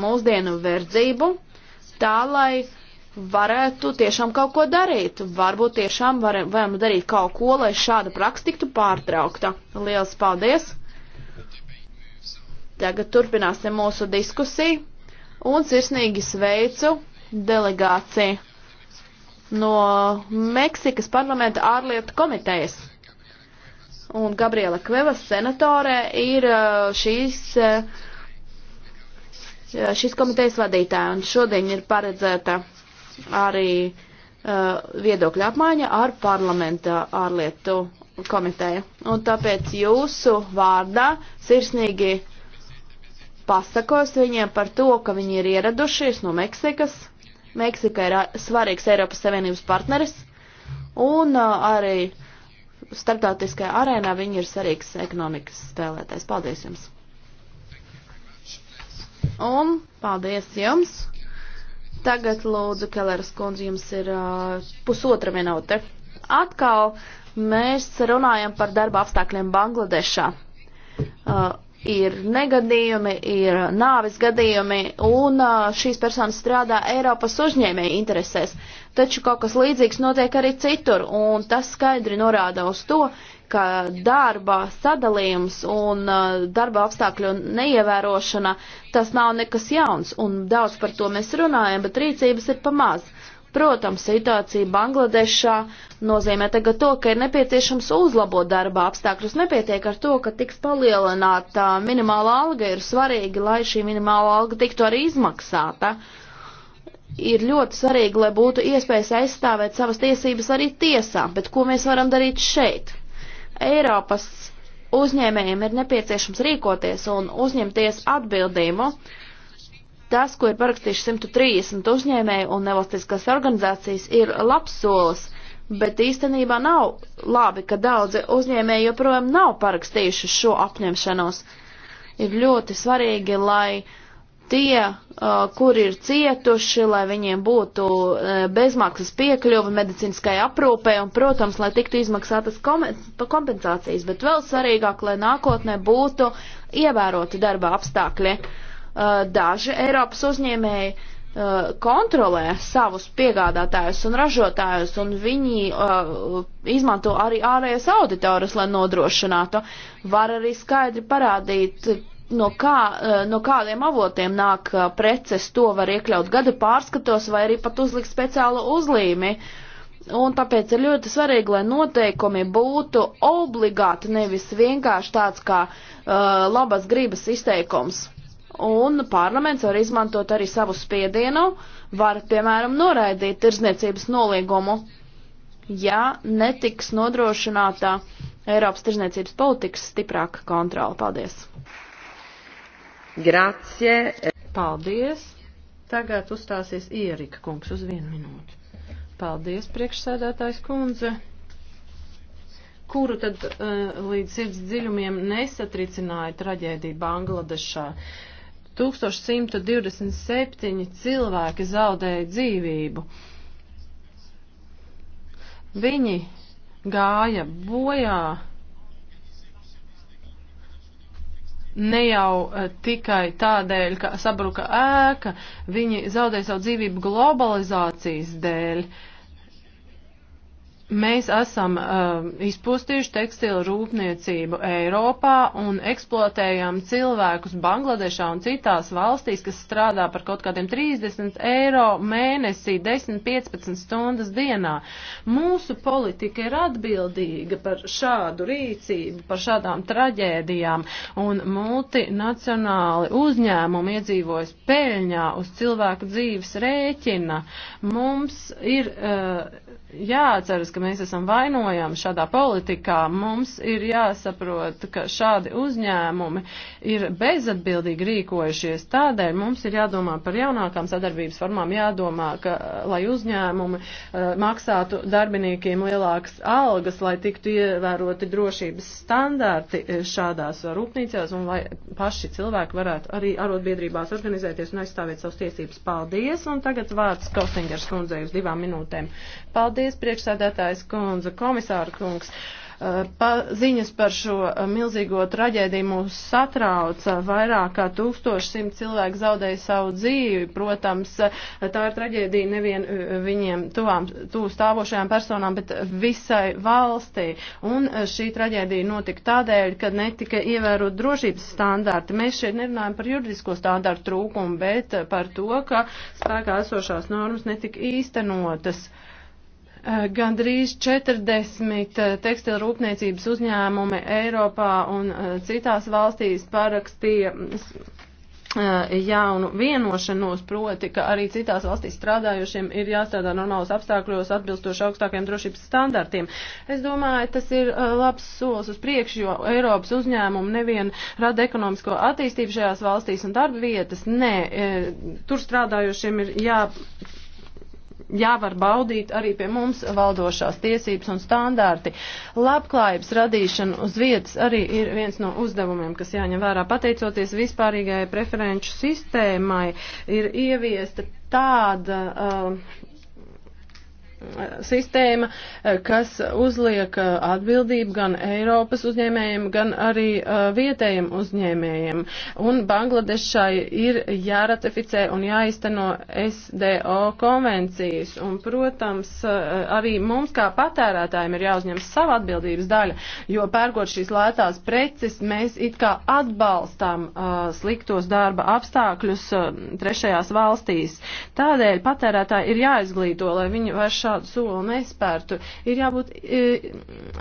mūsdienu verdzību, tā lai varētu tiešām kaut ko darīt. Varbūt tiešām var, varam darīt kaut ko, lai šāda praksa tiktu pārtraukta. Lielas paldies! Tagad turpināsim mūsu diskusiju un sirsnīgi sveicu delegāciju no Meksikas parlamenta ārlietu komitejas. Un Gabriela Kvevas senatore ir eh, šīs uh, šīs komitejas vadītāja, un šodien ir paredzēta arī uh, viedokļa apmaiņa ar parlamenta ārlietu komiteju. Un tāpēc jūsu vārdā sirsnīgi pasakos viņiem par to, ka viņi ir ieradušies no Meksikas. Meksika ir uh, svarīgs Eiropas Savienības partneris, un uh, arī starptautiskajā arēnā viņi ir svarīgs ekonomikas spēlētājs. Paldies jums! Un paldies jums! Tagad lūdzu, Kelleras kundze, jums ir uh, pusotra minūte. Atkal mēs runājam par darba apstākļiem Bangladešā. Uh, ir negadījumi, ir nāvis gadījumi, un uh, šīs personas strādā Eiropas uzņēmēja interesēs. Taču kaut kas līdzīgs notiek arī citur, un tas skaidri norāda uz to, uh, ka darba sadalījums un uh, darba apstākļu neievērošana tas nav nekas jauns, un daudz par to mēs runājam, bet rīcības ir pamaz. Protams, situācija Bangladešā nozīmē tagad to, ka ir nepieciešams uzlabot darba apstākļus. Nepietiek ar to, ka tiks palielināta minimāla alga, ir svarīgi, lai šī minimāla alga tiktu arī izmaksāta. Ir ļoti svarīgi, lai būtu iespējas aizstāvēt savas tiesības arī tiesā, bet ko mēs varam darīt šeit? Eiropas uzņēmējiem ir nepieciešams rīkoties un uzņemties atbildību. Tas, ko ir parakstījuši 130 uzņēmēji un nevalstiskās organizācijas, ir labs solis, bet īstenībā nav labi, ka daudzi uzņēmēji joprojām nav parakstījuši šo apņemšanos. Ir ļoti svarīgi, lai uh, tie, kur ir cietuši, lai viņiem būtu bezmaksas piekļuva medicīniskai aprūpē un, protams, lai tiktu izmaksātas kompensācijas, bet vēl svarīgāk, lai nākotnē būtu ievēroti darba apstākļi. Daži Eiropas uzņēmēji kontrolē savus piegādātājus un ražotājus, un viņi uh, izmanto arī ārējais auditorus, lai nodrošinātu. Var arī skaidri parādīt, no, kā, eh, no kādiem avotiem nāk eh, preces, to var iekļaut gada pārskatos vai arī pat uzlikt speciālu uzlīmi. Un tāpēc ir ļoti svarīgi, lai noteikumi būtu obligāti, nevis vienkārši tāds kā uh, labas gribas izteikums. Un parlaments var izmantot arī savu spiedienu, var, piemēram, noraidīt tirzniecības noliegumu, ja netiks nodrošinātā Eiropas tirzniecības politikas stiprāka kontrola. Paldies! Grazie. Paldies. Tagad uzstāsies Ierika kungs uz vienu minūti. Paldies, priekšsēdētājs kundze kuru tad uh, līdz sirds dziļumiem nesatricināja traģēdija Bangladešā. 1127 cilvēki zaudēja dzīvību. Viņi gāja bojā ne jau eh, tikai tādēļ, ka sabruka ēka, viņi zaudē savu dzīvību globalizācijas dēļ. Uh, Mēs esam uh, izpustījuši tekstilu rūpniecību Eiropā un eksploatējam cilvēkus Bangladešā un citās valstīs, kas strādā par kaut kādiem 30 eiro mēnesī, 10-15 stundas dienā. Mūsu politika ir atbildīga par šādu rīcību, par šādām traģēdijām, un multinacionāli uzņēmumi iedzīvojas peļņā uz cilvēku dzīves rēķina. Mums ir uh, jāatceras, ka ka mēs esam vainojami šādā politikā. Mums ir jāsaprot, ka šādi uzņēmumi ir bezatbildīgi rīkojušies. Tādēļ mums ir jādomā par jaunākām sadarbības formām, jādomā, ka, lai uzņēmumi uh, maksātu darbiniekiem lielākas algas, lai tiktu ievēroti drošības standarti eh, šādās rūpnīcās un lai paši cilvēki varētu arī arotbiedrībās organizēties un aizstāvēt savus tiesības. Paldies! Un tagad vārds Kausingers kundzei uz divām minūtēm. Paldies, priekšsēdētāji! priekšsēdētājs kundze, komisāra kungs. Pa, ziņas par šo milzīgo traģēdiju mūs satrauca. Vairāk kā 1100 cilvēku zaudēja savu dzīvi. Protams, tā ir traģēdija nevien viņiem tuvām, tuvu stāvošajām personām, bet visai valstī. Un šī traģēdija notika tādēļ, ka netika ievērot drošības standarti. Mēs šeit nerunājam par juridisko standartu trūkumu, bet par to, ka spēkā esošās normas netika īstenotas. Eh, gandrīz 40 eh, tekstila rūpniecības uzņēmumi Eiropā un eh, citās valstīs parakstīja jaunu vienošanos, proti, ka arī citās valstīs strādājušiem ir jāstrādā normālos apstākļos atbilstoši augstākiem drošības standartiem. Es domāju, tas ir labs solis uz priekšu, jo Eiropas uzņēmumi nevien rada ekonomisko attīstību šajās valstīs un darba vietas, nē, tur strādājušiem ir jā jāvar baudīt arī pie mums valdošās tiesības un standārti. Labklājības radīšana uz vietas arī ir viens no uzdevumiem, kas jāņem vērā. Pateicoties vispārīgajai preferenču sistēmai, ir ieviesta tāda. Uh, sistēma, eh, kas uzliek eh, atbildību gan Eiropas uzņēmējiem, gan arī eh, vietējiem uzņēmējiem. Un Bangladešai ir jāratificē un jāizteno SDO konvencijas. Un, protams, arī mums kā patērētājiem ir jāuzņem sava atbildības daļa, jo pērkot šīs lētās preces, mēs it kā atbalstām sliktos darba apstākļus trešajās valstīs. Tādēļ patērētāji ir jāizglīto, lai viņi var šā tādu soli nespērtu. Ir jābūt e,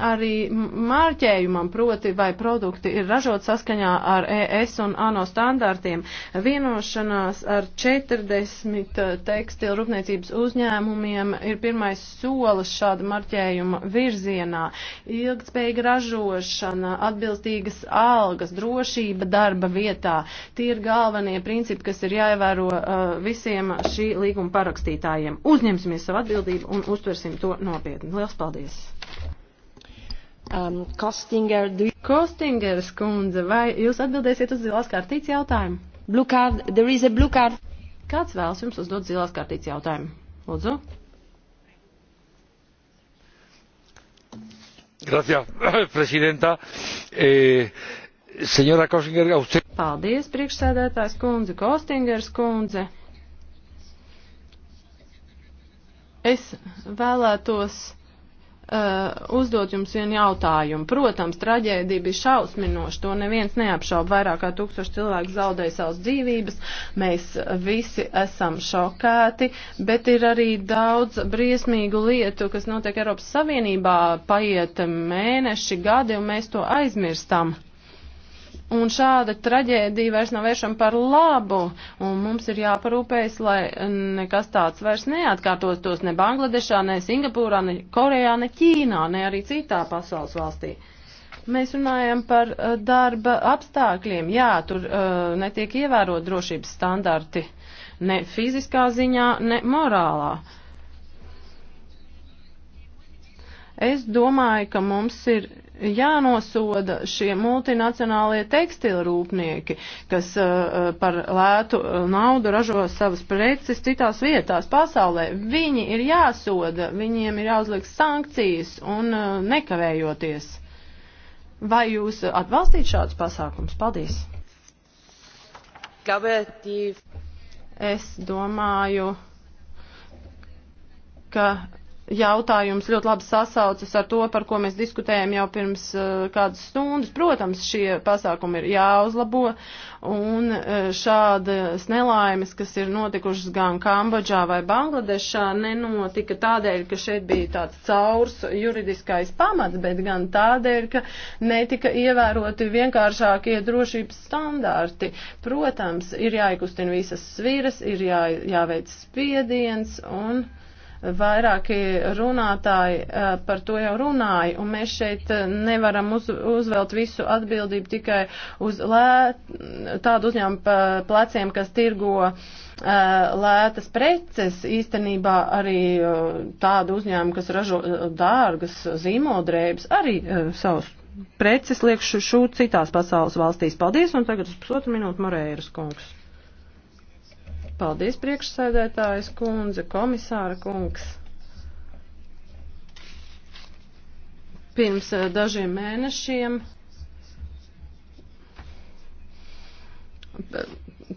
arī mārķējumam, proti, vai produkti ir ražot saskaņā ar ES un ANO standārtiem. Vienošanās ar 40 e, tekstilu rūpniecības uzņēmumiem ir pirmais solis šāda marķējuma virzienā. Ilgtspējīga ražošana, atbilstīgas algas, drošība darba vietā - tie ir galvenie principi, kas ir jāievēro uh, visiem šī līguma parakstītājiem. Uzņemsimies savu atbildību un un uztversim to nopietni. Lielas paldies! Um, Kostinger, du... Kostingeras kundze, vai jūs atbildēsiet uz zilās kārtīts jautājumu? Blue card, there is a blue card. Kāds vēlas jums uzdot zilās kārtīts jautājumu? Lūdzu. Gracias, presidenta. Eh, señora Kostinger, a usted. Paldies, priekšsēdētājs kundze, Kostingers kundze. Es vēlētos uh, uzdot jums vienu jautājumu. Protams, traģēdija bija šausminoša, to neviens neapšauba. Vairāk kā tūkstoši cilvēku zaudēja savas dzīvības, mēs visi esam šokēti, bet ir arī daudz briesmīgu lietu, kas notiek Eiropas Savienībā, paiet mēneši, gadi, un mēs to aizmirstam. Uh, Un šāda traģēdija vairs nav vēršama par labu, un mums ir jāparūpējas, lai nekas tāds vairs neatkārtos tos ne Bangladešā, ne Singapūrā, ne Korejā, ne Ķīnā, ne arī citā pasaules valstī. Mēs runājam par uh, darba apstākļiem. Jā, tur uh, netiek ievērot drošības standarti ne fiziskā ziņā, ne morālā. Es domāju, ka mums ir jānosoda šie multinacionālie tekstilrūpnieki, kas uh, uh par lētu uh, naudu ražo savas preces citās vietās pasaulē. Viņi ir jāsoda, viņiem ir jāuzliek sankcijas un uh, nekavējoties. Vai jūs atbalstīt šādus pasākums? Paldies! Es domāju, ka jautājums ļoti labi sasaucas ar to, par ko mēs diskutējam jau pirms eh, kādas stundas. Protams, šie pasākumi ir jāuzlabo, un eh, šādas nelaimes, kas ir notikušas gan Kambodžā vai Bangladešā, nenotika tādēļ, ka šeit bija tāds caurs juridiskais pamats, bet gan tādēļ, ka netika ievēroti vienkāršākie drošības standarti. Protams, ir jāiekustina visas sviras, ir jā, jāveic spiediens un. Vairāki runātāji eh, par to jau runāja, un mēs šeit eh, nevaram uz, uzvelt visu atbildību tikai uz lē, tādu uzņēmumu pleciem, kas tirgo eh, lētas preces, īstenībā arī tādu uzņēmumu, kas ražo dārgas zīmodrēbes, arī savus preces liekšu šūt citās pasaules valstīs. Paldies, un tagad uz pusotru minūtu Moreiras kungs. Paldies, priekšsēdētājas kundze, komisāra kungs. Pirms eh, dažiem mēnešiem eh,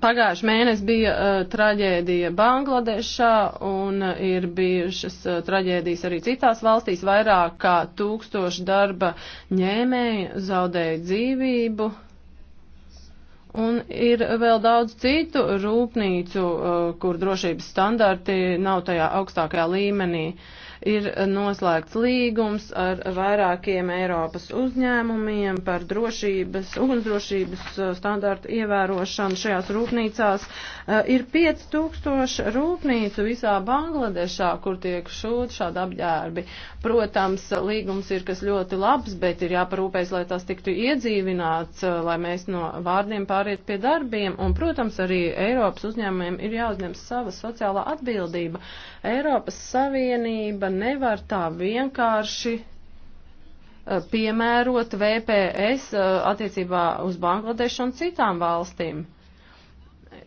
Pagājuši mēnesi bija uh, traģēdija Bangladešā un uh, ir bijušas uh, traģēdijas arī citās valstīs. Vairāk kā tūkstoši darba ņēmēji zaudēja dzīvību. Uh, Un ir vēl daudz citu rūpnīcu, uh, kur drošības standarti nav tajā augstākajā līmenī. Uh, Ir noslēgts līgums ar vairākiem Eiropas uzņēmumiem par drošības, ugunsdrošības uh, standārtu ievērošanu šajās rūpnīcās. Uh, ir 5000 rūpnīcu visā Bangladešā, kur tiek šūt šādi apģērbi. Protams, līgums ir kas ļoti labs, bet ir jāparūpēs, lai tas tiktu iedzīvināts, uh, lai mēs no vārdiem pāriet pie darbiem. Un, protams, arī Eiropas uzņēmumiem ir jāuzņem sava sociālā atbildība. Eiropas Savienība nevar tā vienkārši eh, piemērot VPS eh, attiecībā uz Bangladešu un citām valstīm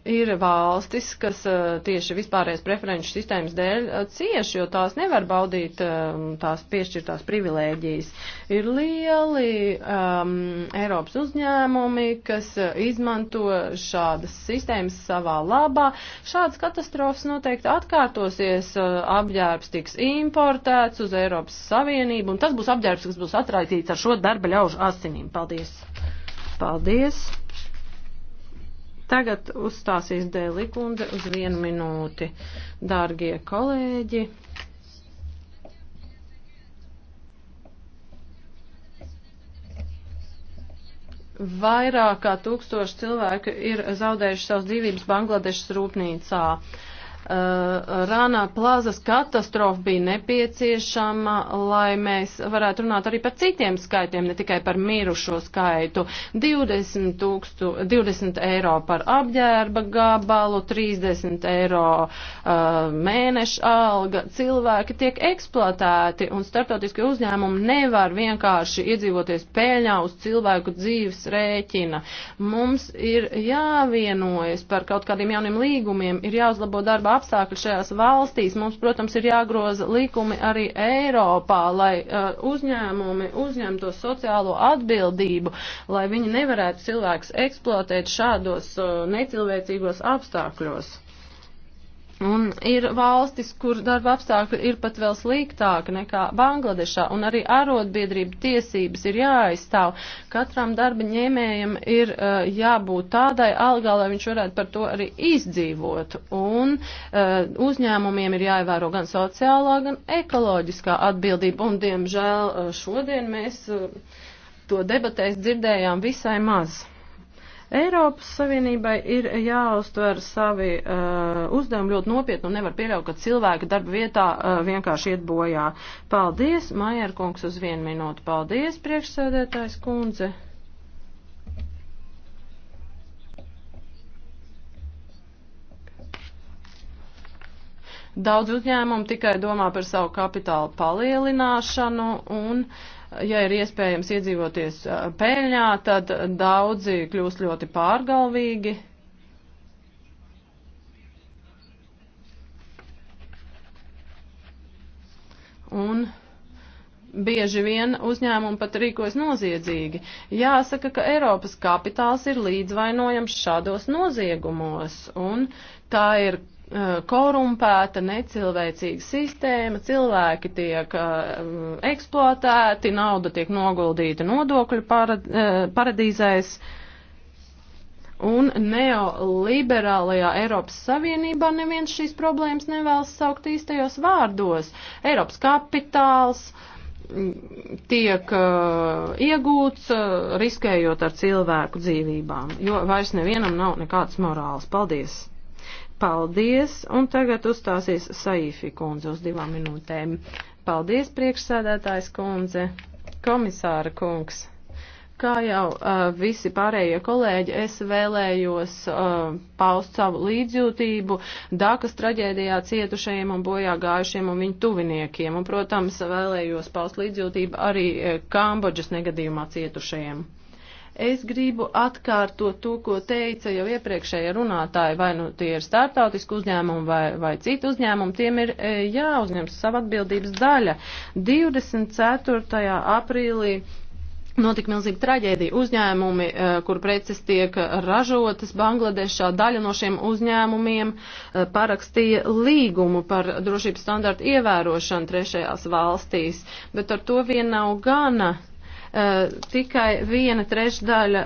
ir valstis, kas eh, tieši vispārējais preferenču sistēmas dēļ eh, cieši, jo tās nevar baudīt eh, tās piešķirtās privilēģijas. Ir lieli um, Eiropas uzņēmumi, kas izmanto šādas sistēmas savā labā. Šādas katastrofas noteikti atkārtosies, apģērbs tiks importēts uz Eiropas Savienību, un tas būs apģērbs, kas būs atraitīts ar šo darba ļaužu asinīm. Paldies! Paldies! Tagad uzstāsies Dēli Kunde uz vienu minūti. Dārgie kolēģi, vairāk kā tūkstoši cilvēku ir zaudējuši savas dzīvības Bangladešas rūpnīcā. Uh, Eh, Rānā plazas katastrofa bija nepieciešama, lai mēs varētu runāt arī par citiem skaitiem, ne tikai par mirušo skaitu. 20, tūkstu, 20 eiro par apģērba gabalu, 30 eiro uh, mēneša alga. Cilvēki tiek eksploatēti un starptautiskie uzņēmumi nevar vienkārši iedzīvoties peļņā uz cilvēku dzīves rēķina. Mums ir jāvienojas par kaut kādiem jauniem līgumiem, ir jāuzlabo darba apstākļi šajās valstīs. Mums, protams, ir jāgroza likumi arī Eiropā, lai uh, uzņēmumi uzņemtos sociālo atbildību, lai viņi nevarētu cilvēks eksploatēt šādos uh, necilvēcīgos apstākļos. Un ir valstis, kur darba apstākļi ir pat vēl sliktāki nekā Bangladešā, un arī arotbiedrība tiesības ir jāaizstāv. Katram darba ņēmējam ir uh, jābūt tādai algā, lai viņš varētu par to arī izdzīvot. Un uh, uzņēmumiem ir jāievēro gan sociālā, gan ekoloģiskā atbildība, un diemžēl uh, šodien mēs uh, to debatēs dzirdējām visai maz. Eiropas Savienībai ir jāuztver savi uh, uzdevumi ļoti nopietni un nevar pieļaut, ka cilvēki darba vietā uh, vienkārši iet bojā. Paldies, Majerkungs, uz vienu minūtu. Paldies, priekšsēdētājs kundze. Daudz uzņēmumu tikai domā par savu kapitālu palielināšanu un uh, ja ir iespējams iedzīvoties peļņā, tad daudzi kļūst ļoti pārgalvīgi. Un bieži vien uzņēmumi pat rīkojas noziedzīgi. Jāsaka, ka Eiropas kapitāls ir līdzvainojams šādos noziegumos, un tā ir Uh, korumpēta, necilvēcīga sistēma, cilvēki tiek uh, eksploatēti, nauda tiek noguldīta nodokļu parad, uh, paradīzēs. Un neoliberālajā Eiropas Savienībā neviens šīs problēmas nevēlas saukt īstajos vārdos. Eiropas kapitāls mm, tiek uh, iegūts, uh, riskējot ar cilvēku dzīvībām, jo vairs nevienam nav nekādas morāls. Paldies! Paldies, un tagad uzstāsies Saīfi kundze uz divām minūtēm. Paldies, priekšsēdētājs kundze, komisāra kungs. Kā jau uh, visi pārējie kolēģi, es vēlējos uh, paust savu līdzjūtību Dākas traģēdijā cietušajiem un bojā gājušiem un viņu tuviniekiem, un, protams, vēlējos paust līdzjūtību arī uh, Kambodžas negadījumā cietušajiem. Es gribu atkārtot to, ko teica jau iepriekšēja runātāja, vai nu tie ir startautiski uzņēmumi vai, vai citi uzņēmumi, tiem ir e, jāuzņems sava atbildības daļa. 24. aprīlī notika milzīga traģēdija. Uzņēmumi, e, kur preces tiek ražotas Bangladešā, daļa no šiem uzņēmumiem e, parakstīja līgumu par drošības standartu ievērošanu trešajās valstīs, bet ar to vien nav gana. Eh, tikai viena trešdaļa,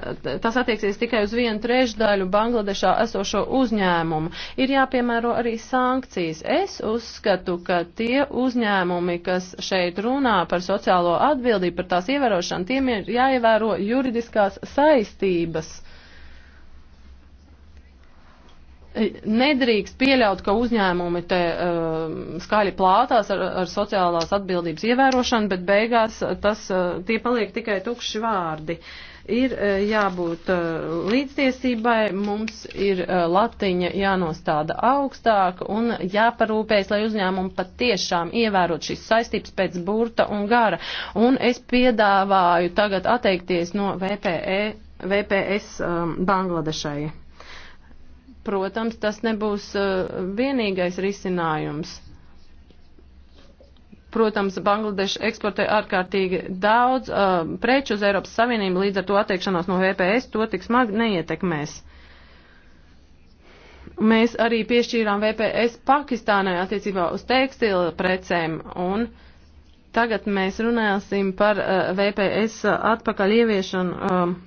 tas attieksies tikai uz vienu trešdaļu Bangladešā esošo uzņēmumu. Ir jāpiemēro arī sankcijas. Es uzskatu, ka tie uzņēmumi, kas šeit runā par sociālo atbildību, par tās ievērošanu, tiem ir jāievēro juridiskās saistības. Nedrīkst pieļaut, ka uzņēmumi te uh, skaļi plātās ar, ar sociālās atbildības ievērošanu, bet beigās tas, uh, tie paliek tikai tukši vārdi. Ir uh, jābūt uh, līdztiesībai, mums ir uh, latiņa jānostāda augstāk un jāparūpējas, lai uzņēmumi patiešām ievērot šīs saistības pēc burta un gara. Un es piedāvāju tagad atteikties no VPE, VPS um, Bangladešai. Protams, tas nebūs uh, vienīgais risinājums. Protams, Bangladeša eksportē ārkārtīgi daudz uh, preču uz Eiropas Savienību, līdz ar to attiekšanās no VPS to tik smagi neietekmēs. Mēs arī piešķīrām VPS Pakistānai attiecībā uz tekstila precēm un tagad mēs runāsim par uh, VPS atpakaļ ieviešanu. Uh,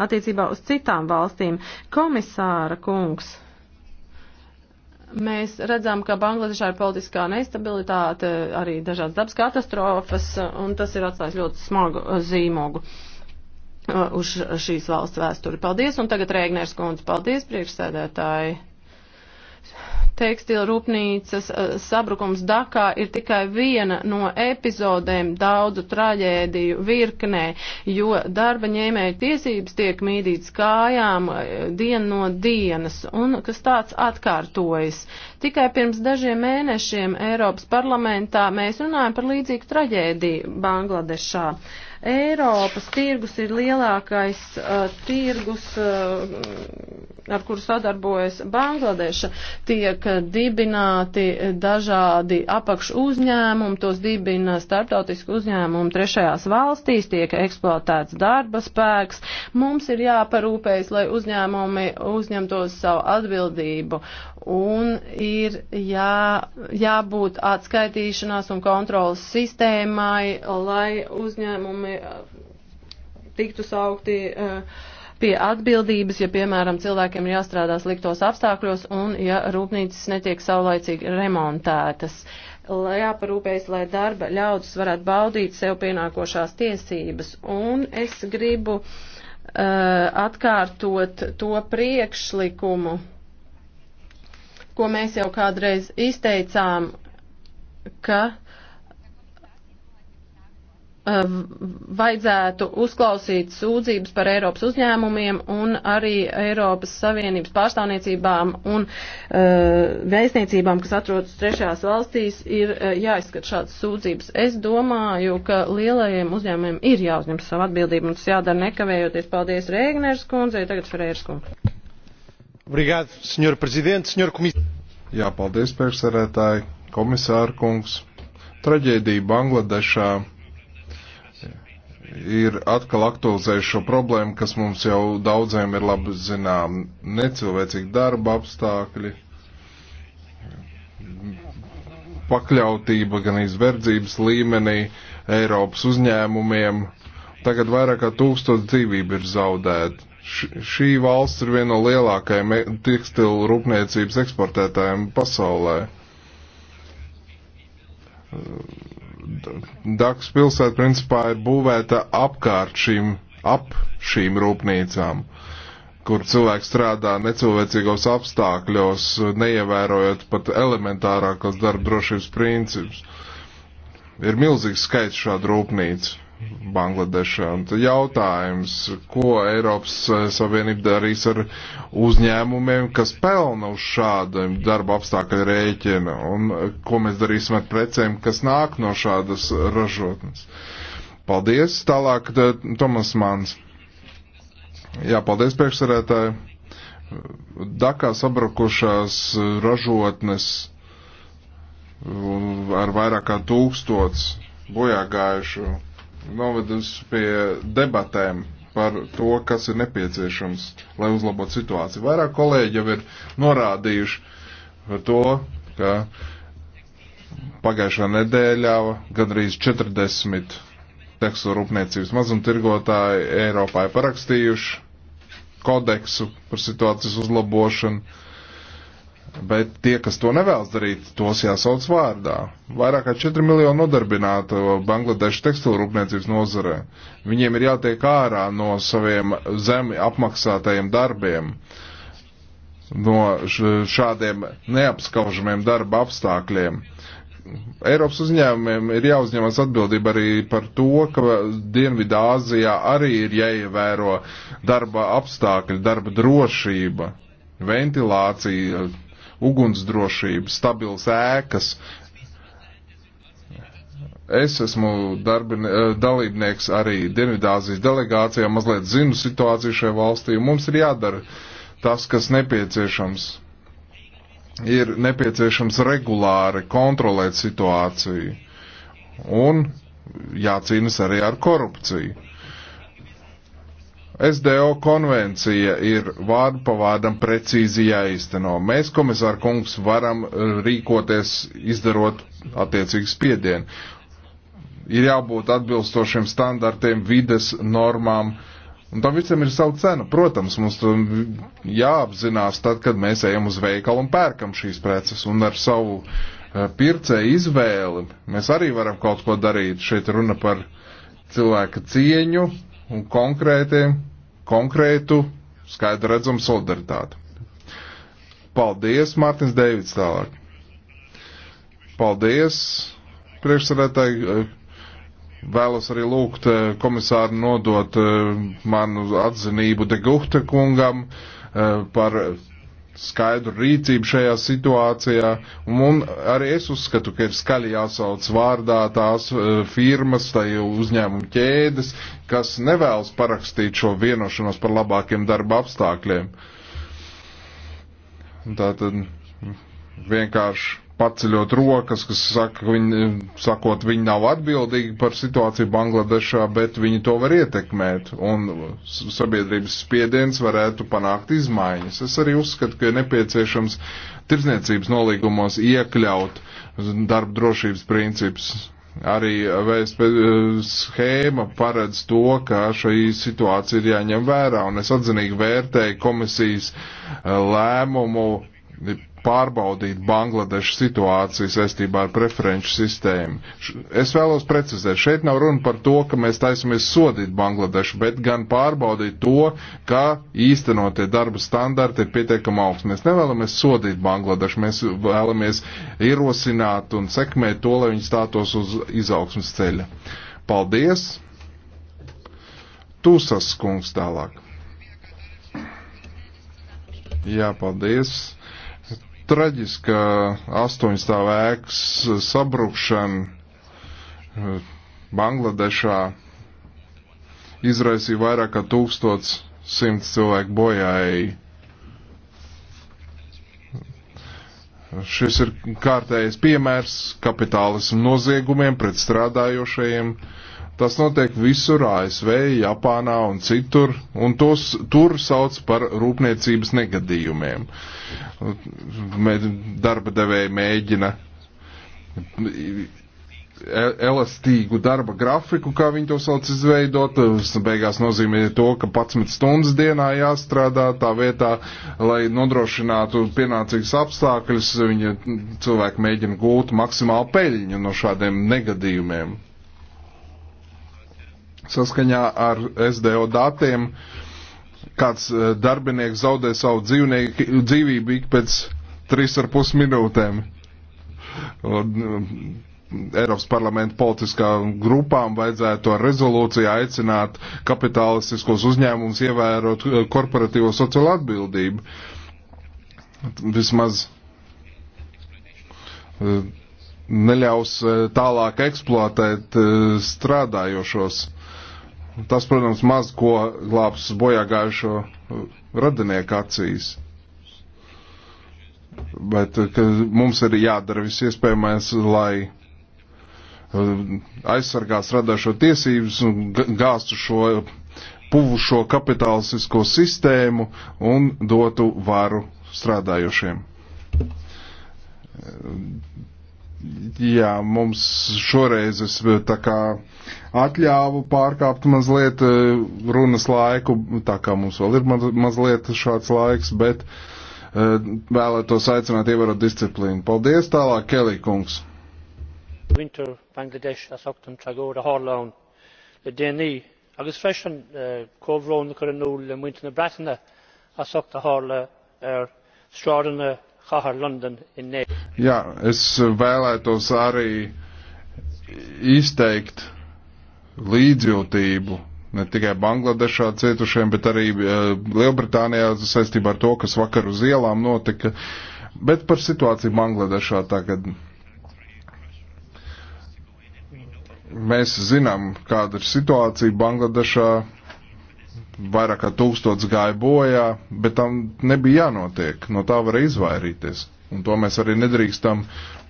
attiecībā uz citām valstīm. Komisāra kungs. Mēs redzam, ka Bangladešā ir politiskā nestabilitāte, arī dažādas dabas katastrofas, un tas ir atstājis ļoti smagu zīmogu uh, uz šīs valsts vēsturi. Paldies, un tagad Rēgnērs kundze, paldies priekšsēdētāji tekstila rūpnīcas eh, sabrukums Dakā ir tikai viena no epizodēm daudzu traģēdiju virknē, jo darba ņēmēju tiesības tiek mīdīts kājām eh, dienu no dienas, un kas tāds atkārtojas. Tikai pirms dažiem mēnešiem Eiropas parlamentā mēs runājam par līdzīgu traģēdiju Bangladešā. Uh, Eiropas tirgus ir lielākais uh, tirgus, uh, ar kuru sadarbojas Bangladeša. Tiek dibināti dažādi apakšu uzņēmumi, tos dibina starptautisku uzņēmumu trešajās valstīs, tiek eksploatēts darba spēks. Mums ir jāparūpējas, lai uzņēmumi uzņemtos savu atbildību un ir jā, jābūt atskaitīšanās un kontrolas sistēmai, lai uzņēmumi uh, tiktu saukti uh, pie atbildības, ja, piemēram, cilvēkiem ir jāstrādā sliktos apstākļos un ja rūpnīcas netiek saulaicīgi remontētas. Lai jāparūpējas, lai darba ļaudis varētu baudīt sev pienākošās tiesības. Un es gribu uh, atkārtot to priekšlikumu, uh, ko mēs jau kādreiz izteicām, ka uh, vajadzētu uzklausīt sūdzības par Eiropas uzņēmumiem un arī Eiropas Savienības pārstāvniecībām un uh, vēstniecībām, kas atrodas trešās valstīs, ir uh, jāizskat šādas sūdzības. Es domāju, ka lielajiem uzņēmumiem ir jāuzņem savu atbildību un tas jādara nekavējoties. Paldies Rēgners kundzei, tagad Ferērs kundzei. Obrigado, senhor prezident, senhor komisār. Jā, paldies, priekšsarētāji, komisāra kungs. Traģēdija Bangladešā ir atkal aktualizējuši šo problēmu, kas mums jau daudziem ir labi zinām - necilvēcīgi darba apstākļi, pakļautība gan izverdzības līmenī Eiropas uzņēmumiem. Tagad vairāk kā tūkstot dzīvību ir zaudēta šī valsts ir viena no lielākajām e, tekstilu rūpniecības eksportētājiem pasaulē. Dakas pilsēta principā ir būvēta apkārt šīm, ap šīm rūpnīcām, kur cilvēki strādā necilvēcīgos apstākļos, neievērojot pat elementārākos darba drošības principus. Ir milzīgs skaits šādu rūpnīcu Bangladešā. Un jautājums, ko Eiropas eh, Savienība darīs ar uzņēmumiem, kas pelna uz šādiem darba apstākļu rēķina, un eh, ko mēs darīsim ar precēm, kas nāk no šādas ražotnes. Paldies. Tālāk eh, Tomas Mans. Jā, paldies priekšsarētāji. Dakā sabrukušās ražotnes ar vairāk kā tūkstots bojā gājušu novedus pie debatēm par to, kas ir nepieciešams, lai uzlabotu situāciju. Vairāk kolēģi jau ir norādījuši par to, ka pagājušā nedēļā gandrīz 40 tekstu rūpniecības mazumtirgotāji Eiropā ir parakstījuši kodeksu par situācijas uzlabošanu. Bet tie, kas to nevēlas darīt, tos jāsauc vārdā. Vairāk kā 4 miljoni nodarbināto Bangladešu tekstilu rūpniecības nozarē. Viņiem ir jātiek ārā no saviem zemi apmaksātajiem darbiem, no šādiem neapskaužamiem darba apstākļiem. Eiropas uzņēmumiem ir jāuzņemas atbildība arī par to, ka Dienvidā Āzijā arī ir jāievēro darba apstākļi, darba drošība, ventilācija, ugunsdrošība, stabils ēkas. Es esmu darbin, eh, dalībnieks arī Dienvidāzijas delegācijā, mazliet zinu situāciju šajā valstī. Mums ir jādara tas, kas nepieciešams. Ir nepieciešams regulāri kontrolēt situāciju un jācīnas arī ar korupciju SDO konvencija ir vārdu pa vārdam precīzi jāizteno. Mēs, komisāra kungs, varam eh, rīkoties, izdarot attiecīgu spiedienu. Ir jābūt atbilstošiem standartiem, vides normām, un tam visam ir savu cenu. Protams, mums jāapzinās tad, kad mēs ejam uz veikalu un pērkam šīs preces, un ar savu eh, pircēju izvēli mēs arī varam kaut ko darīt. Šeit runa par cilvēka cieņu, un konkrētiem konkrētu, skaidru redzumu solidaritāti. Paldies, Mārtiņš Deivids tālāk. Paldies, priekšsarētāji. Vēlos arī lūgt eh, komisāru nodot eh, manu atzinību Degufta kungam eh, par skaidru rīcību šajā situācijā. Un mums, arī es uzskatu, ka ir skaļi jāsauc vārdā tās eh, firmas, tai uzņēmumu ķēdes, kas nevēlas parakstīt šo vienošanos par labākiem darba apstākļiem. Tātad vienkārši paceļot rokas, kas saka, viņi, sakot, viņi nav atbildīgi par situāciju Bangladešā, bet viņi to var ietekmēt, un sabiedrības spiediens varētu panākt izmaiņas. Es arī uzskatu, ka ir nepieciešams tirzniecības nolīgumos iekļaut darba drošības principus. Arī vēst eh, schēma paredz to, ka šī situācija ir jāņem vērā, un es atzinīgi vērtēju komisijas eh, lēmumu pārbaudīt Bangladešas situāciju saistībā ar preferenču sistēmu. Es vēlos precizēt, šeit nav runa par to, ka mēs taisamies sodīt Bangladešu, bet gan pārbaudīt to, ka īstenotie darba standarti ir pietiekami augsts. Mēs nevēlamies sodīt Bangladešu, mēs vēlamies ierosināt un sekmēt to, lai viņi stātos uz izaugsmas ceļa. Paldies! Tūsas kungs tālāk. Jā, paldies traģiska astoņstāvā ēkas sabrukšana eh, Bangladešā izraisīja vairāk kā 1100 cilvēku bojāēji. Šis ir kārtējais piemērs kapitālismu noziegumiem pret strādājošajiem. Uh, Tas notiek visur ASV, Japānā un citur, un tos tur sauc par rūpniecības negadījumiem. Darba devēja mēģina e, elastīgu darba grafiku, kā viņi to sauc, izveidot. Tas beigās nozīmē to, ka 11 stundas dienā jāstrādā tā vietā, lai nodrošinātu pienācīgus apstākļus. Viņi cilvēki mēģina gūt maksimālu peļņu no šādiem negadījumiem. Saskaņā ar SDO datiem kāds eh, darbinieks zaudē savu dzīvnieku, dzīvību ik pēc 3,5 minūtēm. Un, mm, Eiropas parlamenta politiskām grupām vajadzētu ar rezolūciju aicināt kapitalistiskos uzņēmumus ievērot eh, korporatīvo sociālo atbildību. Vismaz eh, neļaus tālāk eksploatēt strādājošos. Tas, protams, maz ko glābs bojāgājušo uh, radinieku acīs. Bet uh, mums ir jādara viss iespējamais, lai uh, aizsargās radāšo tiesības un gāstu šo puvušo kapitālistisko sistēmu un dotu varu strādājošiem. Jā, mums šoreiz es tā kā atļāvu pārkāpt mazliet e, runas laiku, tā kā mums vēl ir mazliet šāds laiks, bet e, vēlētos aicināt ievērot disciplīnu. Paldies tālāk, Kelī kungs. Winter, Bangladesh, Asoktam, Tagora, Horlaun, Denī, agus freisin e, cóhrón go an núl le muointeanna breataine a sochta hála ar er, strádanna chahar London in né. Jā, es vēlētos arī izteikt līdzjūtību ne tikai Bangladešā cietušiem, bet arī eh, Lielbritānijā saistībā ar to, kas vakar uz ielām notika, bet par situāciju Bangladešā tagad. Mēs zinām, kāda ir situācija Bangladešā. Vairāk kā tūkstots gāja bojā, bet tam nebija jānotiek. No tā var izvairīties. Un to mēs arī nedrīkstam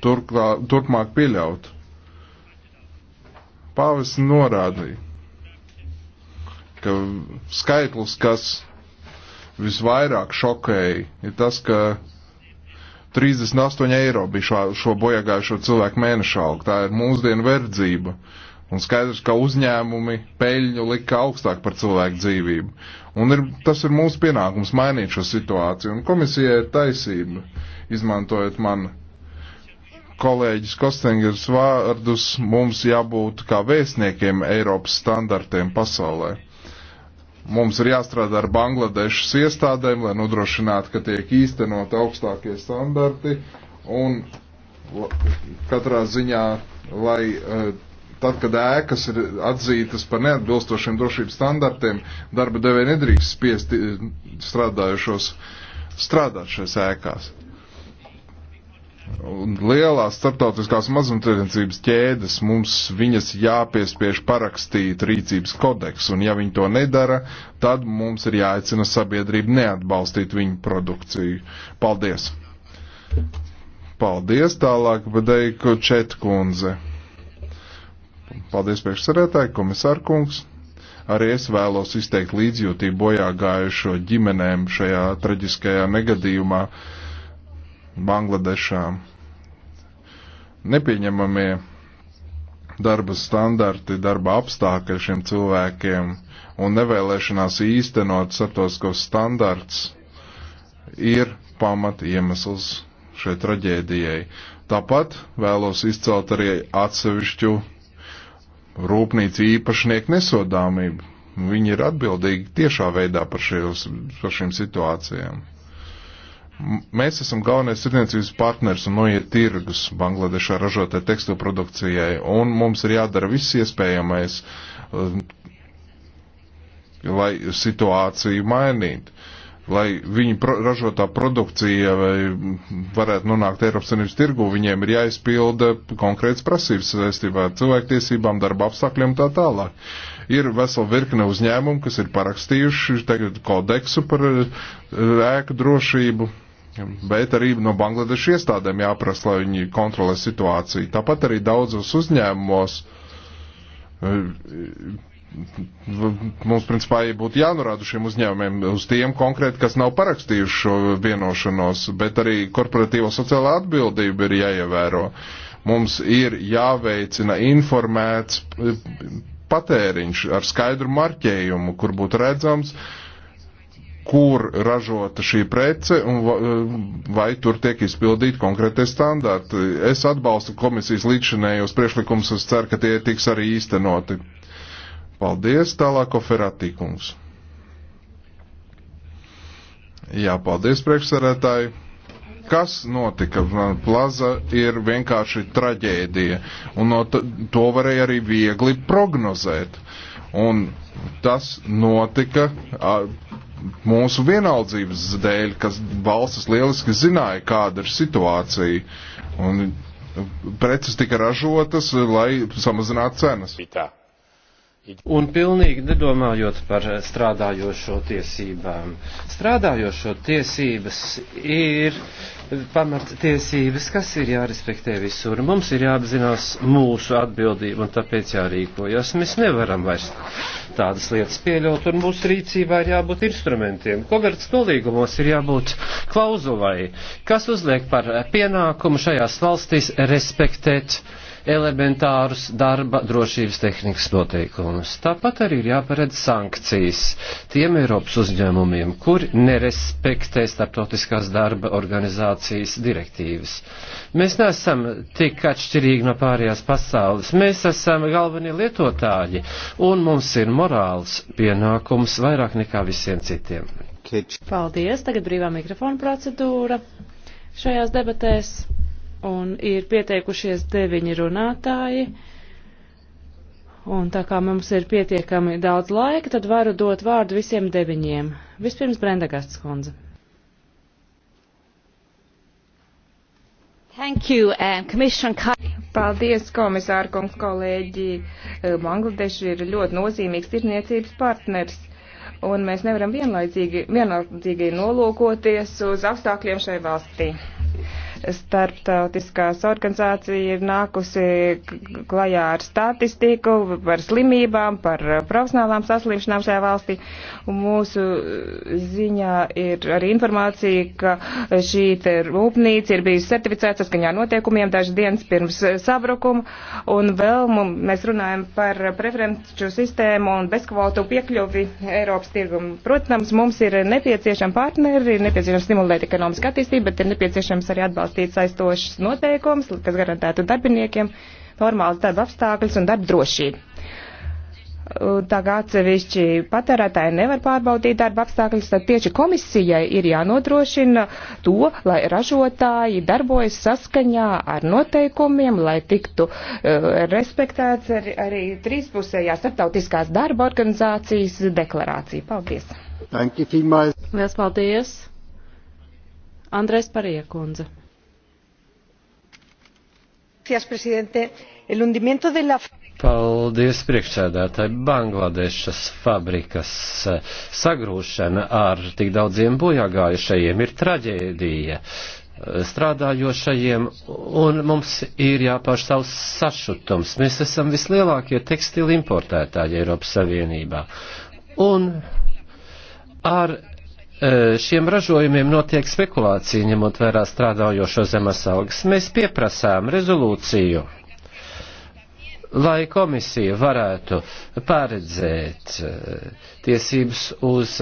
turklā, turpmāk pieļaut. Pāvis norādīja, ka skaitlis, kas visvairāk šokēja, ir tas, ka 38 eiro bija šo, šo bojagājušo cilvēku mēneša alga. Tā ir mūsdienu verdzība. Un skaidrs, ka uzņēmumi peļņu lika augstāk par cilvēku dzīvību. Un ir, tas ir mūsu pienākums mainīt šo situāciju. Un komisija ir taisība, izmantojot manu kolēģis Kostengers vārdus, mums jābūt kā vēstniekiem Eiropas standartiem pasaulē. Mums ir jāstrādā ar Bangladešas iestādēm, lai nodrošinātu, ka tiek īstenot augstākie standarti un katrā ziņā, lai eh, tad, kad ēkas ir atzītas par neatbilstošiem drošības standartiem, darba devēja nedrīkst spiest eh, strādājušos strādāt šajās ēkās lielās starptautiskās mazumtirdzniecības ķēdes, mums viņas jāpiespiež parakstīt rīcības kodeksu, un ja viņi to nedara, tad mums ir jāicina sabiedrība neatbalstīt viņu produkciju. Paldies! Paldies tālāk, Badeiko Četkundze. Paldies priekšsarētāji, komisārkungs. Arī es vēlos izteikt līdzjūtību bojā gājušo ģimenēm šajā traģiskajā negadījumā. Bangladešā. Nepieņemamie darba standarti, darba apstākļi šiem cilvēkiem un nevēlēšanās īstenot starptautiskos standarts ir pamat iemesls šai traģēdijai. Tāpat vēlos izcelt arī atsevišķu rūpnīcu īpašnieku nesodāmību. Viņi ir atbildīgi tiešā veidā par, šajos, par šīm situācijām. Mēs esam galvenais tirdzniecības partners un noiet tirgus Bangladešā ražotai tekstu produkcijai, un mums ir jādara viss iespējamais, um, lai situāciju mainītu, lai viņu pro ražotā produkcija mm, varētu nonākt Eiropas Savienības tirgu, viņiem ir jāizpilda konkrēts prasības saistībā ar cilvēktiesībām, darba apstākļiem tā tālāk. Ir vesela virkne uzņēmumu, kas ir parakstījuši tagad kodeksu par eh, ēku drošību, bet arī no Bangladešu iestādēm jāprasa, lai viņi kontrolē situāciju. Tāpat arī daudzos uzņēmumos eh, mums, principā, būtu jānorāda šiem uzņēmumiem uz tiem konkrēti, kas nav parakstījuši šo vienošanos, bet arī korporatīvo sociālā atbildība ir jāievēro. Mums ir jāveicina informēts patēriņš ar skaidru marķējumu, kur būtu redzams, kur ražota šī prece un vai tur tiek izpildīti konkrētie standarti. Es atbalstu komisijas līdzinējos priekšlikumus, es ceru, ka tie tiks arī īstenoti. Paldies, tālāko Feratīkums. Jā, paldies priekšsarētāji. Kas notika? Plaza ir vienkārši traģēdija, un no to varēja arī viegli prognozēt. Un tas notika mūsu vienaldzības dēļ, kas valstis lieliski zināja, kāda ir situācija. Un preces tika ražotas, lai samazinātu cenas. Pitā. Un pilnīgi nedomājot par strādājošo tiesībām. Strādājošo tiesības ir pamattiesības, kas ir jārespektē visur. Mums ir jāapzinās mūsu atbildība un tāpēc jārīkojas. Mēs nevaram vairs tādas lietas pieļaut un mūsu rīcībā ir jābūt instrumentiem. Komerc nolīgumos ir jābūt klauzulai, kas uzliek par pienākumu šajās valstīs respektēt elementārus darba drošības tehnikas noteikumus. Tāpat arī ir jāparedz sankcijas tiem Eiropas uzņēmumiem, kuri nerespektē starptautiskās darba organizācijas direktīvas. Mēs neesam tik atšķirīgi no pārējās pasaules. Mēs esam galvenie lietotāji, un mums ir morāls pienākums vairāk nekā visiem citiem. Paldies, tagad brīvā mikrofona procedūra šajās debatēs un ir pieteikušies deviņi runātāji. Un tā kā mums ir pietiekami daudz laika, tad varu dot vārdu visiem deviņiem. Vispirms Brenda Gasts kundze. Thank you, um, Commission. Paldies, komisāra kungs, kolēģi. Uh, Bangladeša ir ļoti nozīmīgs tirniecības partners un mēs nevaram vienlaicīgi, vienlaicīgi nolūkoties uz apstākļiem šai valstī starptautiskās organizācija ir nākusi klajā ar statistiku par slimībām, par uh, profesionālām saslimšanām šajā valstī. Mūsu uh, ziņā ir arī informācija, ka uh, šī rūpnīca ir bijusi certificēta saskaņā noteikumiem dažas dienas pirms sabrukuma, un vēl mēs runājam par preferenču sistēmu un bezkvotu piekļuvi Eiropas tirgumu. Protams, mums ir nepieciešami partneri, ir nepieciešams stimulēt ekonomisku attīstību, bet ir nepieciešams arī atbalsts atbalstīt saistošas noteikums, kas garantētu darbiniekiem normāls darba apstākļus un darba drošību. Tā kā atsevišķi patērētāji nevar pārbaudīt darba apstākļus, tad tieši komisijai ir jānodrošina to, lai ražotāji darbojas saskaņā ar noteikumiem, lai tiktu uh, respektēts ar, arī trīspusējā starptautiskās darba organizācijas deklarācija. Paldies! Lielas paldies! Andrēs Pariekundze! señor presidente el hundimiento de la. Paldies, priekšsēdētāji. Bangladešas fabrikas eh, sagrūšana ar tik daudziem bojāgājušajiem ir traģēdija eh, strādājošajiem, un mums ir jāpauž savs sašutums. Mēs esam vislielākie tekstili importētāji Eiropas Savienībā. Un ar šiem ražojumiem notiek spekulācija, ņemot vērā strādājošo zemes algas. Mēs pieprasām rezolūciju, lai komisija varētu paredzēt tiesības uz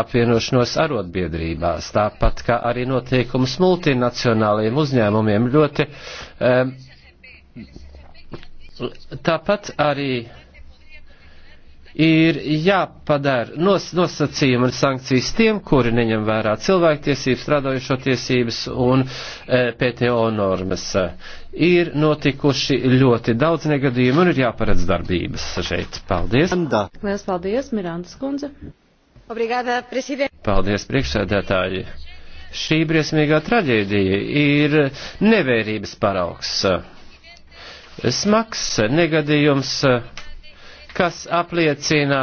apvienošanos arotbiedrībās, tāpat kā arī noteikums multinacionālajiem uzņēmumiem ļoti. Tāpat arī ir jāpadara nos, nosacījumi un sankcijas tiem, kuri neņem vērā cilvēktiesības, strādājušo tiesības un e, PTO normas. Ir notikuši ļoti daudz negadījumu un ir jāparedz darbības šeit. Paldies! Lielas paldies, Mirandas kundze! Obrigada, prezident! Paldies, priekšsēdētāji! Šī briesmīgā traģēdija ir nevērības paraugs. Smags negadījums kas apliecina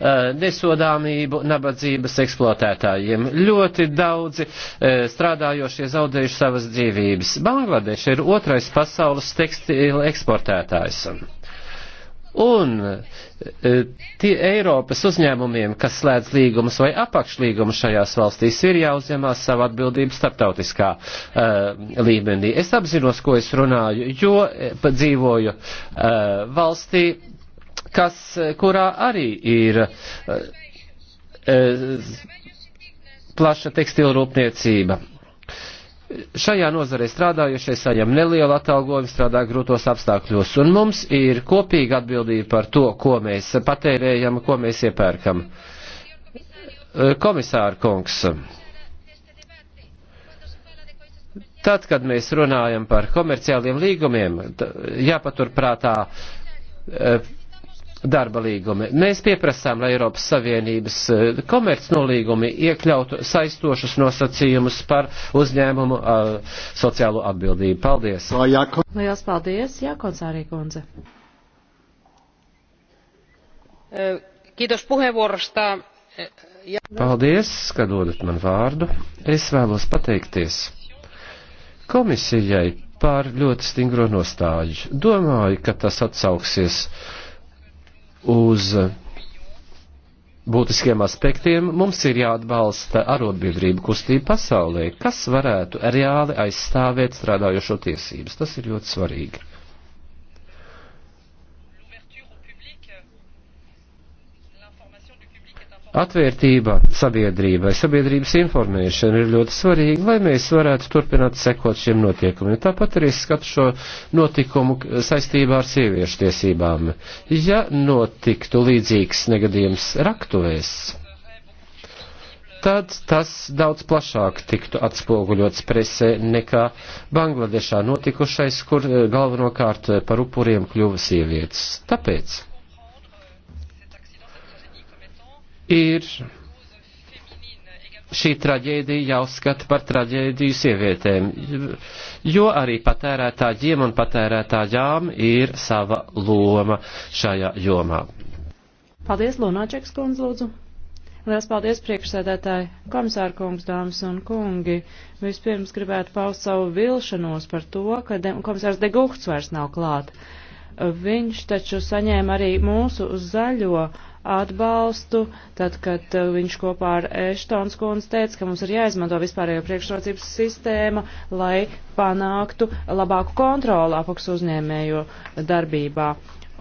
eh, nesodāmību nabadzības eksploatētājiem. Ļoti daudzi eh, strādājošie zaudējuši savas dzīvības. Bangladeša ir otrais pasaules tekstila eksportētājs. Un eh, tie Eiropas uzņēmumiem, kas slēdz līgumus vai apakšlīgumus šajās valstīs, ir jāuzņemās savu atbildību starptautiskā uh, līmenī. Es apzinos, ko es runāju, jo dzīvoju uh, valstī, kas, eh, kurā arī ir eh, eh, plaša tekstilrūpniecība. Šajā nozarē strādājušie saņem nelielu atalgojumu, strādā grūtos apstākļos, un mums ir kopīga atbildība par to, ko mēs patērējam, ko mēs iepērkam. Komisāra kungs, tad, kad mēs runājam par komerciāliem līgumiem, jāpaturprātā darba līgumi. Mēs pieprasām, lai Eiropas Savienības eh, komercnolīgumi iekļautu saistošus nosacījumus par uzņēmumu uh, sociālo atbildību. Paldies! Lielas paldies, Jākons Arī kundze! Eh, kiitos puheenvuorosta. Paldies, ka dodat man vārdu. Es vēlos pateikties komisijai par ļoti stingro nostāju. Domāju, ka tas atsauksies uz eh, būtiskiem aspektiem mums ir jāatbalsta arotbiedrību kustība pasaulē, kas varētu reāli aizstāvēt strādājošo tiesības. Tas ir ļoti svarīgi. Atvērtība sabiedrībai, sabiedrības informēšana ir ļoti svarīga, lai mēs varētu turpināt sekot šiem notiekumiem. Tāpat arī skatu šo notikumu saistībā ar sieviešu tiesībām. Ja notiktu līdzīgs negadījums raktuvēs, tad tas daudz plašāk tiktu atspoguļots presē nekā Bangladešā notikušais, kur eh, galvenokārt eh, par upuriem kļuva sievietes. Tāpēc ir šī traģēdija jāuzskata par traģēdiju sievietēm, jo arī patērētāģiem un patērētāģām ir sava loma šajā jomā. Paldies, Lunāčeks kundze, lūdzu. Lielas paldies, priekšsēdētāji, komisāra kungs, dāmas un kungi. Vispirms gribētu paust savu vilšanos par to, ka de komisārs Degūks vairs nav klāt. Viņš taču saņēma arī mūsu zaļo atbalstu, tad, kad uh, viņš kopā ar Eštons kundzi teica, ka mums ir jāizmanto vispārējo priekšrocības sistēma, lai panāktu labāku kontroli apaks uzņēmējo darbībā.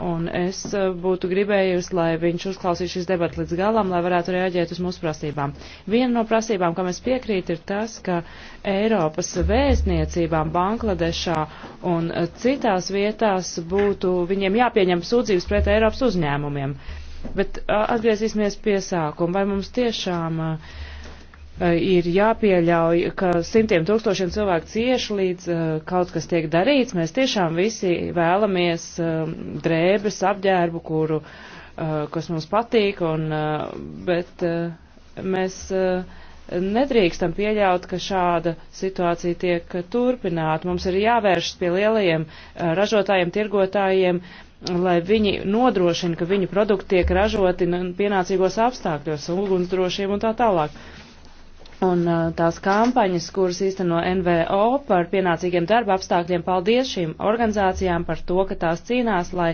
Un es uh, būtu gribējusi, lai viņš uzklausītu šīs debatas līdz galam, lai varētu reaģēt uz mūsu prasībām. Viena no prasībām, kam es piekrītu, ir tas, ka Eiropas vēstniecībām Bangladešā un uh, citās vietās būtu viņiem jāpieņem sūdzības pret Eiropas uzņēmumiem. Uh, Bet atgriezīsimies pie sākuma. Vai mums tiešām ir jāpieļauj, ka simtiem tūkstošiem cilvēku cieši līdz kaut kas tiek darīts? Mēs tiešām visi vēlamies drēbes, apģērbu, kuru, kas mums patīk, un, bet mēs nedrīkstam pieļaut, ka šāda situācija tiek turpināta. Mums ir jāvēršas pie lielajiem ražotājiem, tirgotājiem, lai viņi nodrošina, ka viņu produkti tiek ražoti pienācīgos apstākļos, ugunsdrošiem un tā tālāk. Un tās kampaņas, kuras īsteno NVO par pienācīgiem darba apstākļiem, paldies šīm organizācijām par to, ka tās cīnās, lai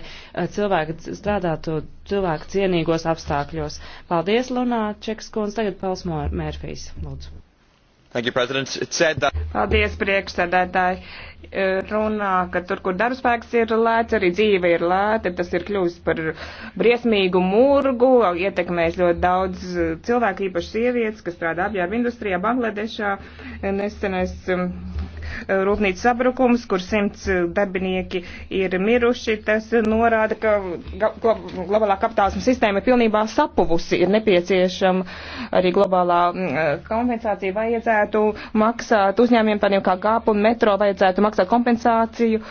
cilvēki strādātu cilvēku cienīgos apstākļos. Paldies, Lunā Čekskons, tagad Pels Mērfijs, lūdzu. You, that... Paldies, priekšsēdētāji. E, runā, ka tur, kur darbspēks ir lēts, arī dzīve ir lēta, tas ir kļūst par briesmīgu murgu, ietekmēs ļoti daudz e, cilvēku, īpaši sievietes, kas strādā apģērba industrijā, Bangladešā, e, nesenais rūpnīcas sabrukums, kur simts darbinieki ir miruši. Tas norāda, ka globālā kapitālisma sistēma ir pilnībā sapuvusi. Ir nepieciešama arī globālā mm, kompensācija. Vajadzētu maksāt uzņēmiem, tādiem kā GAP un Metro, vajadzētu maksāt kompensāciju.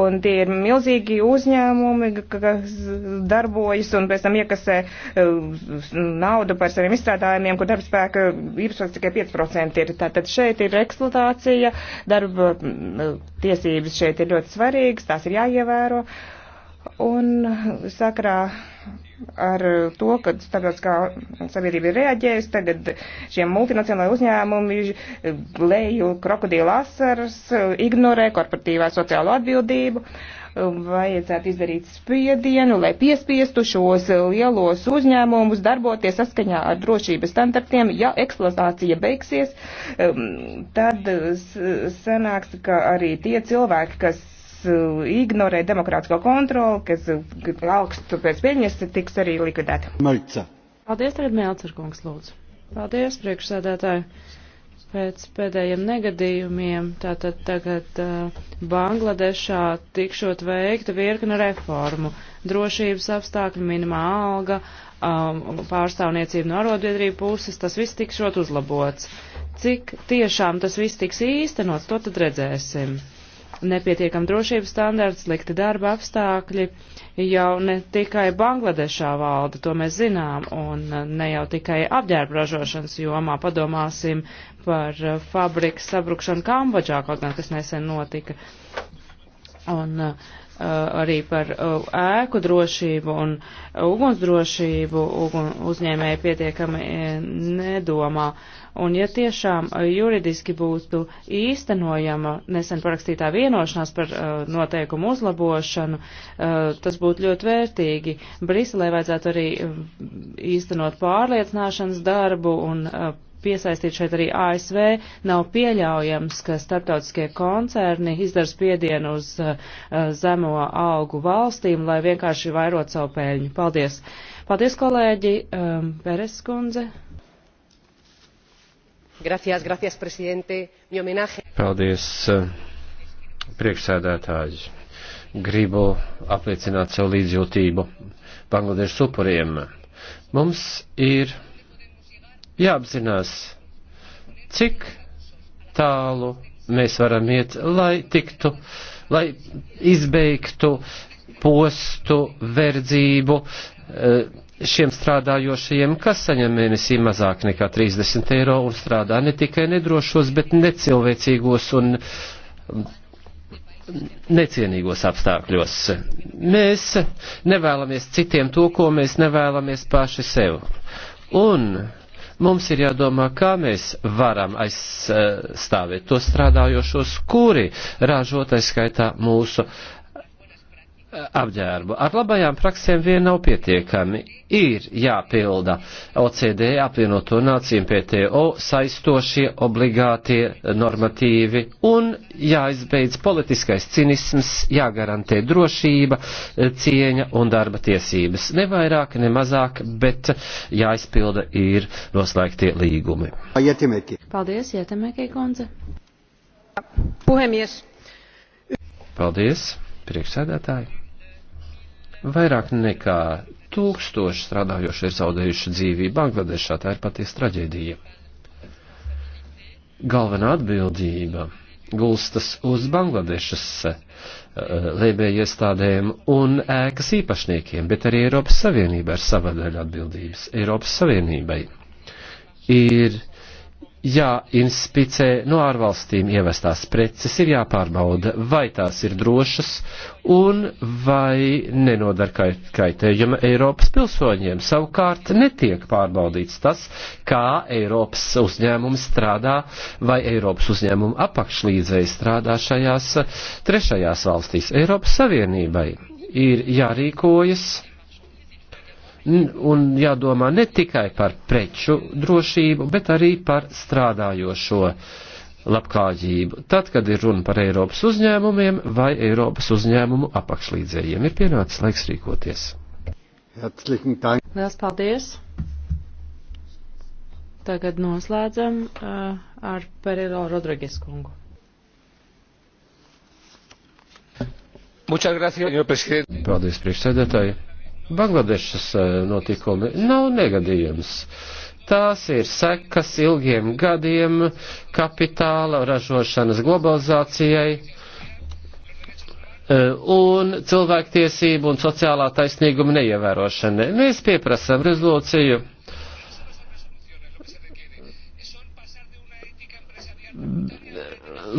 Un tie ir milzīgi uzņēmumi, kas darbojas un pēc tam iekasē eh, naudu par saviem izstrādājumiem, kur darbspēka īpašums tikai 5% ir. Tātad šeit ir eksploatācija, darba darba tiesības šeit ir ļoti svarīgas, tās ir jāievēro. Un sakrā ar to, ka starptautiskā sabiedrība ir reaģējusi, tagad šie multinacionālai uzņēmumi leju krokodīla asaras, ignorē korporatīvā sociālo atbildību. Uh, Um, vajadzētu izdarīt spiedienu, lai piespiestu šos lielos uzņēmumus darboties saskaņā ar drošības standartiem. Ja eksploatācija beigsies, um, tad sanāks, ka arī tie cilvēki, kas uh, ignorē demokrātisko kontroli, kas uh, augstu pēc peļņas, tiks arī likvidēti. Malca. Paldies, Redmēlcerkungs, lūdzu. Paldies, priekšsēdētāji. Pēc pēdējiem negadījumiem, tātad tagad uh, Bangladešā tikšot veikta virkna reformu, drošības apstākļi, minimā alga, um, pārstāvniecība no arotbiedrību puses, tas viss tikšot uzlabots. Cik tiešām tas viss tiks īstenots, to tad redzēsim nepietiekam drošības standarts, slikti darba apstākļi jau ne tikai Bangladešā valda, to mēs zinām, un uh, ne jau tikai apģērba ražošanas jomā padomāsim par uh, fabrikas sabrukšanu Kambodžā, kaut gan kas nesen notika. Un, uh, Uh, arī par uh, ēku drošību un ugunsdrošību ugun, uzņēmēji pietiekami uh, nedomā. Uh, Un ja tiešām eh, juridiski būtu īstenojama nesen parakstītā vienošanās par uh, noteikumu uzlabošanu, uh, tas būtu ļoti vērtīgi. Briselē vajadzētu arī īstenot pārliecināšanas darbu un uh, piesaistīt šeit arī ASV, nav pieļaujams, ka starptautiskie koncerni izdara spiedienu uz uh, zemo algu valstīm, lai vienkārši vairot savu pēļņu. Paldies! Paldies, kolēģi! Um, Peres kundze! Gracias, presidente. Mi homenaje. Paldies, eh, priekšsēdētāji. Gribu apliecināt savu līdzjūtību Bangladešas upuriem. Mums ir jāapzinās, cik tālu mēs varam iet, lai tiktu, lai izbeigtu postu verdzību. Uh, šiem strādājošajiem, kas saņem mēnesī mazāk nekā 30 eiro un strādā ne tikai nedrošos, bet necilvēcīgos un um, necienīgos apstākļos. Mēs nevēlamies citiem to, ko mēs nevēlamies paši sev. Un mums ir jādomā, kā mēs varam aizstāvēt tos strādājošos, kuri ražotais skaitā mūsu uh, apģērbu. Ar labajām praksēm vien nav pietiekami. Ir jāpilda OCD apvienoto nāciju PTO saistošie obligātie normatīvi un jāizbeidz politiskais cinisms, jāgarantē drošība, cieņa un darba tiesības. Ne vairāk, ne mazāk, bet jāizpilda ir noslēgtie līgumi. Paldies, Jātemekī kundze. Puhemies. Paldies, priekšsēdētāji. Vairāk nekā tūkstoši strādājoši ir zaudējuši dzīvību Bangladešā. Tā ir patiesa traģēdija. Galvenā atbildība gulstas uz Bangladešas eh, lēmēja iestādēm un ēkas īpašniekiem, bet arī Eiropas Savienība ar sava daļa atbildības. Eiropas Savienībai ir jāinspicē no ārvalstīm ievestās preces, ir jāpārbauda, vai tās ir drošas un vai nenodar kait, kaitējuma Eiropas pilsoņiem. Savukārt netiek pārbaudīts tas, kā Eiropas uzņēmumi strādā vai Eiropas uzņēmumu apakšlīdzēji strādā šajās trešajās valstīs. Eiropas Savienībai ir jārīkojas un jādomā ne tikai par preču drošību, bet arī par strādājošo labklājību. Tad, kad ir runa par Eiropas uzņēmumiem vai Eiropas uzņēmumu apakšlīdzējiem, ir pienācis laiks rīkoties. Liels paldies! Tagad noslēdzam uh, ar Perilo Rodrigues kungu. Muchas gracias, señor presidente. Paldies, priekšsēdētāji. Bangladešas eh, notikumi nav negadījums. Tās ir sekas ilgiem gadiem kapitāla ražošanas globalizācijai eh, un cilvēktiesību un sociālā taisnīguma neievērošanai. Mēs pieprasām rezolūciju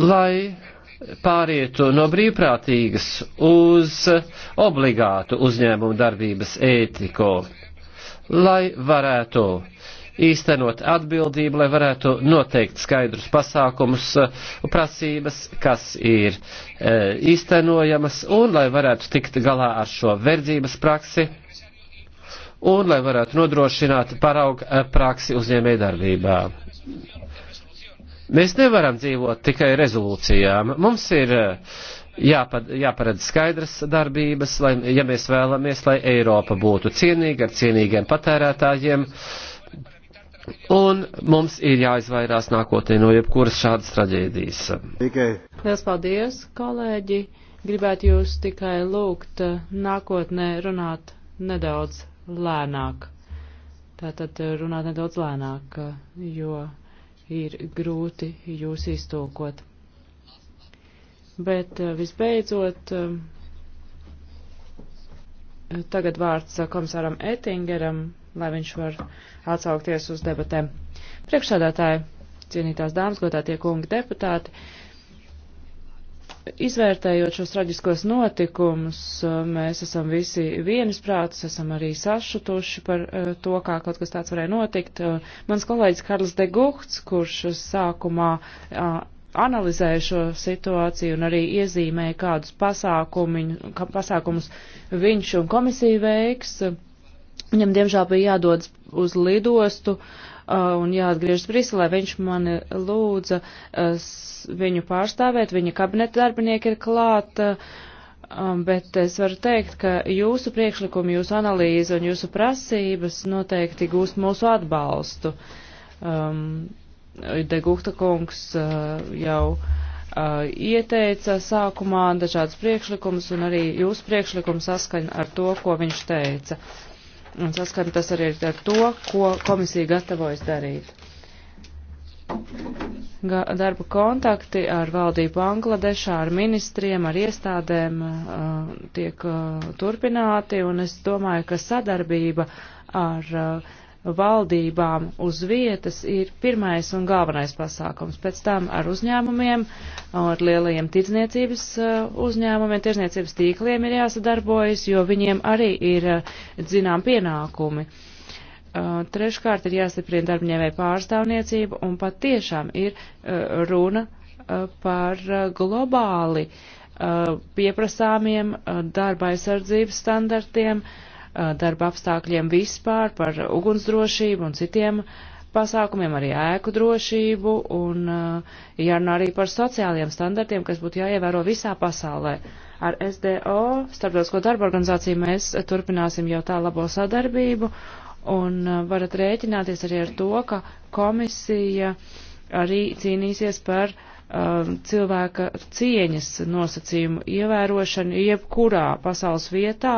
lai pārietu no brīvprātīgas uz obligātu uzņēmumu darbības ētiku, lai varētu īstenot atbildību, lai varētu noteikt skaidrus pasākumus, prasības, kas ir e, īstenojamas, un lai varētu tikt galā ar šo verdzības praksi, un lai varētu nodrošināt parauga e, praksi uzņēmējdarbībā. Mēs nevaram dzīvot tikai rezolūcijām. Mums ir eh, jāpad, jāparedz skaidras darbības, lai, ja mēs vēlamies, lai Eiropa būtu cienīga ar cienīgiem patērētājiem. Un mums ir jāizvairās nākotnē no jebkuras šādas traģēdijas. Tikai. Lielas paldies, kolēģi. Gribētu jūs tikai lūgt eh, nākotnē runāt nedaudz lēnāk. Tātad eh, runāt nedaudz lēnāk, jo ir grūti jūs iztūkot. Bet eh, visbeidzot, eh, tagad vārds eh, komisāram Ettingeram, lai viņš var atsaukties uz debatēm. Priekšsādātāji, cienītās dāmas, godātie kungi deputāti, Izvērtējot šos traģiskos notikumus, uh, mēs esam visi vienisprātis, esam arī sašutuši par uh, to, kā kaut kas tāds varēja notikt. Uh, mans kolēģis Karls de Guhts, kurš sākumā analizēja šo situāciju un arī iezīmēja, kādus pasākumus viņš un komisija veiks, viņam diemžēl bija jādodas uz lidostu. Uh, Uh, un jāatgriežas Briselē. Viņš mani lūdza uh, viņu pārstāvēt, viņa kabineta darbinieki ir klāt, uh, um, bet es varu teikt, ka jūsu priekšlikumi, jūsu analīze un jūsu prasības noteikti gūst mūsu atbalstu. Um, Degūta kungs jau ieteica sākumā dažādas priekšlikumus un arī jūsu priekšlikums saskaņa ar to, ko viņš teica. Uh, Un saskana tas arī ir ar to, ko komisija gatavojas darīt. Ga darba kontakti ar valdību Bangladešā, ar ministriem, ar iestādēm uh, tiek uh, turpināti, un es domāju, ka sadarbība ar uh, valdībām uz vietas ir pirmais un galvenais pasākums. Pēc tam ar uzņēmumiem, ar lielajiem tirdzniecības eh, uzņēmumiem, tirdzniecības tīkliem ir jāsadarbojas, jo viņiem arī ir eh, zinām pienākumi. Eh, treškārt ir jāstiprina darbņēmēja pārstāvniecība un pat tiešām ir runa par globāli pieprasāmiem darba aizsardzības standartiem, uh, Eh, darba apstākļiem vispār, par ugunsdrošību un citiem pasākumiem, arī ēku drošību un eh, jārunā arī par sociālajiem standartiem, kas būtu jāievēro visā pasaulē. Ar SDO, Starptautisko darba organizāciju, mēs turpināsim jau tā labo sadarbību un eh, varat rēķināties arī ar to, ka komisija arī cīnīsies par uh, Um, cilvēka cieņas nosacījumu ievērošanu jebkurā pasaules vietā,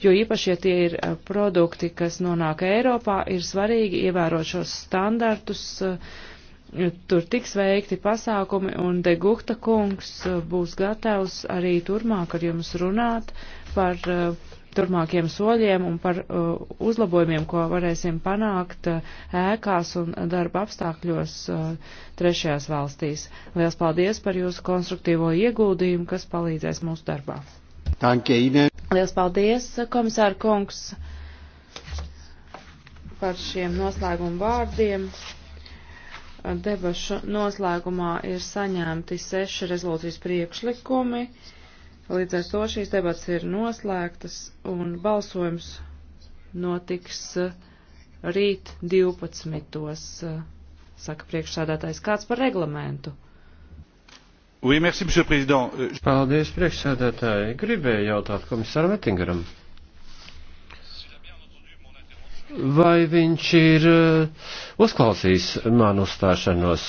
jo īpaši, ja tie ir uh, produkti, kas nonāk Eiropā, ir svarīgi ievērot šos standartus. Uh, tur tiks veikti pasākumi, un Degukta kungs uh, būs gatavs arī turmāk ar jums runāt par uh, turmākiem soļiem un par uh, uzlabojumiem, ko varēsim panākt uh, ēkās un darba apstākļos uh, trešajās valstīs. Lielas paldies par jūsu konstruktīvo ieguldījumu, kas palīdzēs mūsu darbā. Lielas paldies, komisāra kungs, par šiem noslēgumu vārdiem debašu noslēgumā ir saņemti seši rezolūcijas priekšlikumi. Līdz ar to šīs debats ir noslēgtas un balsojums notiks uh, rīt 12. Uh, saka priekšsādātājs kāds par reglamentu. Oui, merci, euh, Paldies, priekšsēdētāji. Gribēju jautāt komisāram Ettingeram. Vai viņš ir uh, uzklausījis manu uzstāšanos?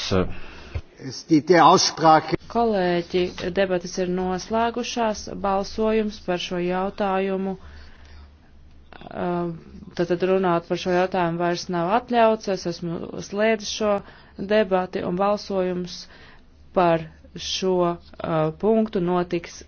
Kolēģi, debatas ir noslēgušās, balsojums par šo jautājumu. Tātad eh, runāt par šo jautājumu vairs nav atļauts, es esmu slēdzis šo debati un balsojums par šo eh, punktu notiks